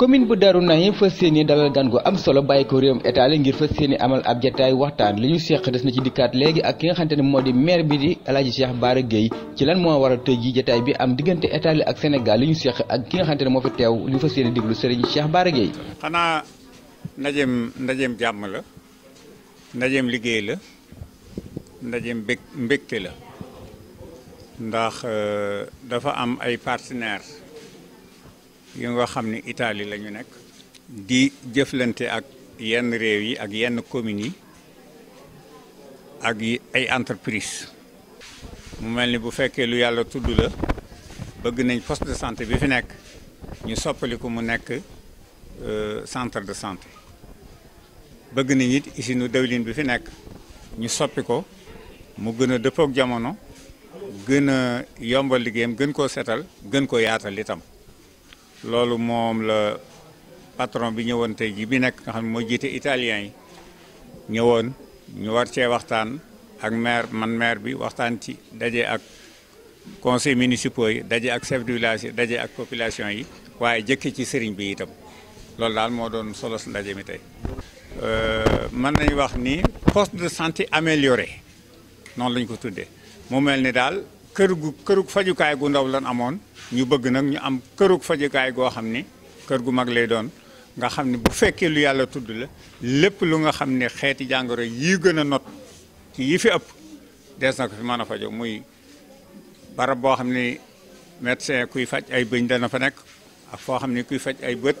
commune bu daru Nahim fas yéene dalal gan gu am solo bàyyi ko réewum état la ngir fas yéene amal ab jataay waxtaan liñu xeex seq des na ci dikkat legi ak ki nga xantene modi maire bi di aladji Cheikh Bara Gueye ci lan mo wara tey jii jataay bi am diggante état li ak senegal liñu xeex ak ki nga xantene mo fi tew li ñu fas diglu Serigne Cheikh Bara Gueye. xana najem najem jàmm la najem liggey la najem mbégte la ndax euh, dafa am ay partenaires. yu nga xam ne itali lañu ñu nekk di jëflante ak yenn réew yi ak yenn communes yi ak ay entreprise mu mel ni bu fekkee lu yàlla tudd la bëgg nañ poste de santé bi fi nekk ñu soppali mu nekk euh, centre de santé bëgg nañ it usine dawlin bi fi nekk ñu soppi ko mu gën a dëppook jamono gën a yombal liggéeyam gën koo setal gën koo yaatal itam loolu moom la patron bi ñëwoon tey ji bi nekk nga xam ne moo jiite italien yi ñëwoon ñu war cee waxtaan ak maire man maire bi waxtaan ci daje ak conseil municipaux yi daje ak chef de village daje ak population yi waaye jëkke ci sëriñ bi itam loolu daal moo doon solo ndaje mi tey euh, mën nañu wax ni post de santé amélioré noonu lañ ko tuddee mu mel ni daal kër gu kërug fajukaay gu ndaw lan amoon ñu bëgg nag ñu am kërug fajukaay goo xam ni kër gu mag lay doon nga xam ne bu fekkee lu yàlla tudd la lépp lu nga xam ne xeeti jàngoro yii gën a not ci yi fi ëpp des na ko fi mën a fajo muy barab boo xam ne médecin kuy faj ay bëñ dana fa nekk foo xam ne kuy faj ay bët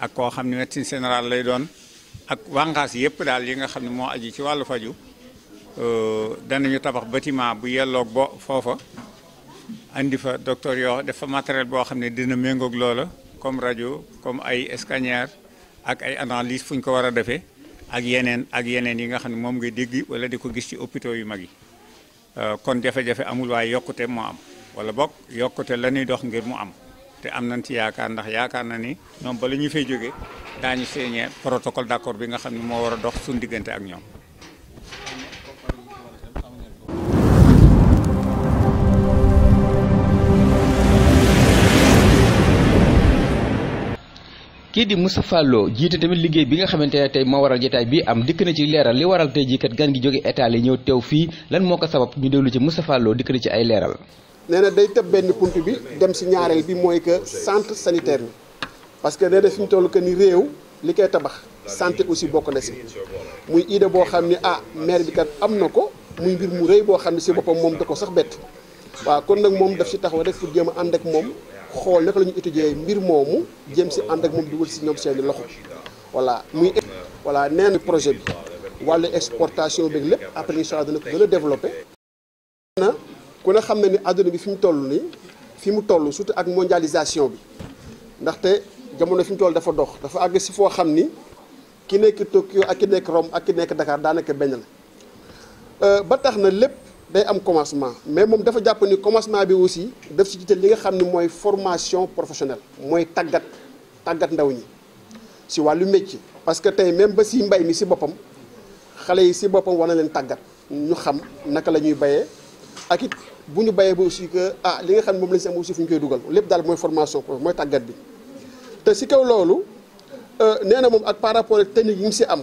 ak koo xam ne médecine générale lay doon ak wànqaas yëpp daal yi nga xam ne moo aju ci wàllu faju Euh, danañu tabax bâtiment bu yelloog bo foofa andi fa docteur yoo def fa matériel boo xam ne dina méngoog loola comme rajo comme ay scanner ak ay analyse fu ñu ko war a defee ak yeneen ak yeneen yi nga xam ne moom ngay dégg wala di ko gis ci hôpitaux yu mag yi euh, kon jafe-jafe amul waaye yokkute moo am wala boog yokkute la ñuy dox ngir mu am te am nañ ci yaakaar ndax yaakaar na ni ñoom bala ñu jóge jógee daañu signé protocole d'accord bi nga xam ne moo war a dox suñu diggante ak ñoom. kii di Moustapha Lo jiite tamit liggéey bi nga xamante ne tey moo waral jotaay bi am dikk na ci leeral li waral tey jii kat gan gi jóge état li ñëw teew fii lan moo ko sabab ñu déglu ci Moustapha Lo dikk na ci ay leeral. nee day tëb benn punt bi dem si ñaareel bi mooy que centre sanitaire bi parce que nee na toll que ni réew li koy tabax santé aussi bokk na si muy idée boo xam ni ah maire bi kat am na ko muy mbir mu rey boo xam ne si boppam moom da ko sax bett. waaw kon nag moom daf si taxaw rek pour jéem a ànd ak moom xool naka la ñu étudier mbir moomu jëm si ànd ak moom dugal si ñoom seeni loxo voilà muy voilà nee na projet bi wàllu exportation beeg lépp après incha ko gën a développé na ku ne xam ne ni àdduna bi fi mu toll nii fi mu toll surtout ak mondialisation bi ndaxte jamono fi mu toll dafa dox dafa àgg si foo xam ni ki nekk Tokyo ak ki nekk Rome ak ki nekk Dakar daanaka benn la euh, ba tax na lépp day am commencement mais mom dafa japp ni commencement bi aussi daf ci jiital li nga xamni moy formation professionnelle moy tagat tagat ndaw ñi ci walu métier. parce que tay même ba si mbay mi ci bopam xalé yi ci bopam war na leen ñu xam naka lañuy bayé ak it bu ñu bayee aussi que ah li nga xam mom moom la ñu aussi fu koy duggal lepp daal moy formation moy tagat bi té ci kaw lolu euh néna mom ak par rapport ak technique yi mu si am.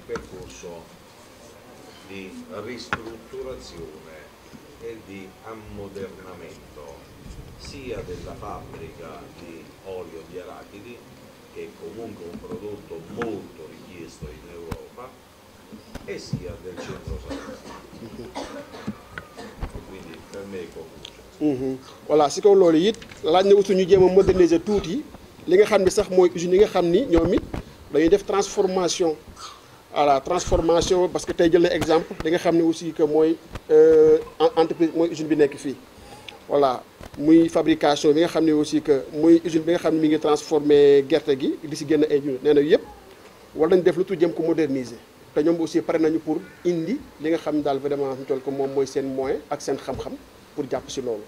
percorso di ristrutturazione e di ammodernamento sia della fabbrica di olio di arachidi che è comunque un prodotto molto richiesto in Europa e sia del centro quindi per me è concluso mhm. voilà si kaw loolu it laaj na aussi ñu jéem a moderniser tuuti li nga xam ne sax mooy usine yi nga xam ni ñoom à la transformation parce que tu jël na exemple li aussi que euh, entreprise mooy usine bi qui fii voilà moi fabrication bi nga aussi que moi usine bi nga xam ne transformer ngi transformé gerte gi di si génn ay junne nee na yëpp war def lu jëm ko moderniser te ñoom aussi pare nañu pour indi li nga xam vraiment ñu toll ko moi mooy seen moyen ak seen xam-xam pour jàpp si loolu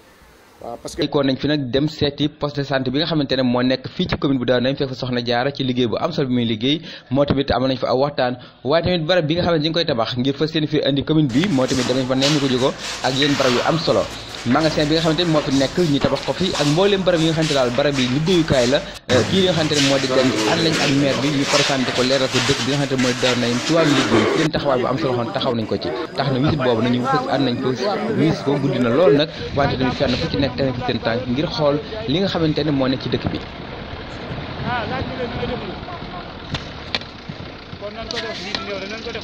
waaw parce que. nañ fi nag dem seeti poste de santé bi nga xamante ne moo nekk fii ci commune bu Darou Nahim fekk fa soxna jaara ci liggéey bu am solo bi muy liggéey moo tamit am nañ fa aw waxtaan waaye tamit barab bi nga xam ne ñu koy tabax ngir fa seen fi indi commune bi moo tamit dem nañ fa neen ko jógo ak yéen barab yu am solo magasin bi nga xamante ne moo fi nekk ñu tabax ko fi ak mboolem barab yi nga xamante daal barab yi liggéeyukaay la euh, kii li nga xamante ne moo di gan ànd lañ ak maire ko leeral ko dëkk bi mooy Darou Nahim ci wàllu liggéey am solo taxaw nañ ko ci tax na wisit boobu nañu fës ànd nañ ko wiis ko guddi na lool nag wante tamit fenn fu ci nekk tamit seen tànk ngir xool li nga xamante ne moo nekk ci dëkk bi ah,